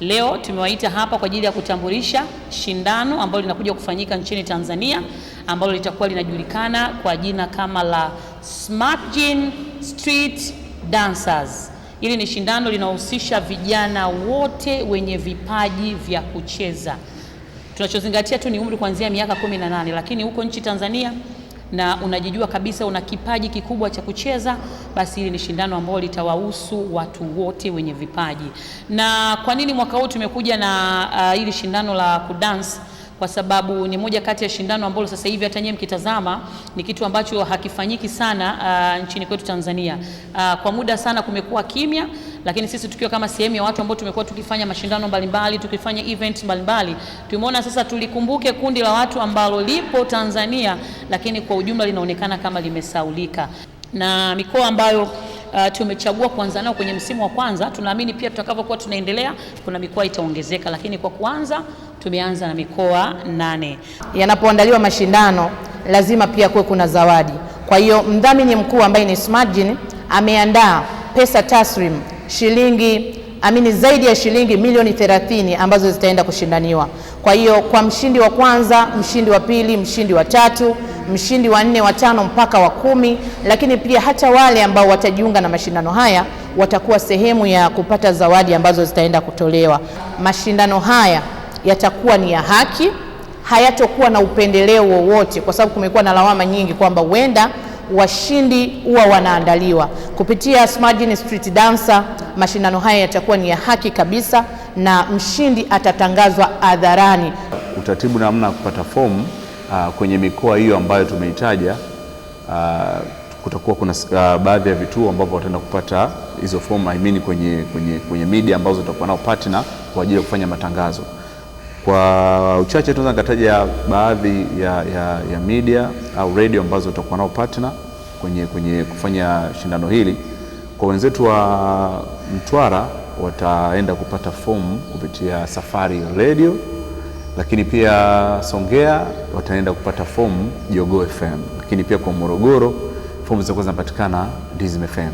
Leo tumewaita hapa kwa ajili ya kutambulisha shindano ambalo linakuja kufanyika nchini Tanzania ambalo litakuwa linajulikana kwa jina kama la Smartgin Street Dancers. Hili ni shindano linahusisha vijana wote wenye vipaji vya kucheza. Tunachozingatia tu ni umri kuanzia miaka 18, lakini huko nchi Tanzania na unajijua kabisa una kipaji kikubwa cha kucheza, basi hili ni shindano ambalo litawahusu watu wote wenye vipaji. Na kwa nini mwaka huu tumekuja na uh, hili shindano la kudance? Kwa sababu ni moja kati ya shindano ambalo sasa hivi hata nyewe mkitazama ni kitu ambacho hakifanyiki sana uh, nchini kwetu Tanzania. Uh, kwa muda sana kumekuwa kimya lakini sisi tukiwa kama sehemu ya watu ambao tumekuwa tukifanya mashindano mbalimbali, tukifanya event mbalimbali, tumeona sasa tulikumbuke kundi la watu ambalo lipo Tanzania, lakini kwa ujumla linaonekana kama limesaulika na mikoa ambayo Uh, tumechagua kuanza nao kwenye msimu wa kwanza. Tunaamini pia tutakavyokuwa tunaendelea, kuna mikoa itaongezeka, lakini kwa kuanza tumeanza na mikoa nane. Yanapoandaliwa mashindano lazima pia kuwe kuna zawadi. Kwa hiyo mdhamini mkuu ambaye ni Smartgin ameandaa pesa taslim shilingi amini zaidi ya shilingi milioni 30 ambazo zitaenda kushindaniwa. Kwa hiyo kwa mshindi wa kwanza, mshindi wa pili, mshindi wa tatu, mshindi wa nne, wa tano mpaka wa kumi, lakini pia hata wale ambao watajiunga na mashindano haya watakuwa sehemu ya kupata zawadi ambazo zitaenda kutolewa. Mashindano haya yatakuwa ni ya haki, hayatokuwa na upendeleo wowote, kwa sababu kumekuwa na lawama nyingi kwamba huenda washindi huwa wanaandaliwa kupitia Smajin Street Dancer. Mashindano haya yatakuwa ni ya haki kabisa na mshindi atatangazwa hadharani. Utaratibu namna ya kupata fomu uh, kwenye mikoa hiyo ambayo tumeitaja uh, kutakuwa kuna uh, baadhi ya vituo ambavyo wataenda kupata hizo fomu I mean, kwenye, kwenye, kwenye media ambazo tutakuwa nao partner kwa ajili ya kufanya matangazo. Kwa uchache tunaweza nikataja baadhi ya, ya, ya media au redio ambazo tutakuwa nao partner kwenye, kwenye kufanya shindano hili. Kwa wenzetu wa Mtwara wataenda kupata fomu kupitia Safari Radio, lakini pia Songea wataenda kupata fomu Jogoo FM, lakini pia kwa Morogoro fomu zitakuwa zinapatikana Dizim FM.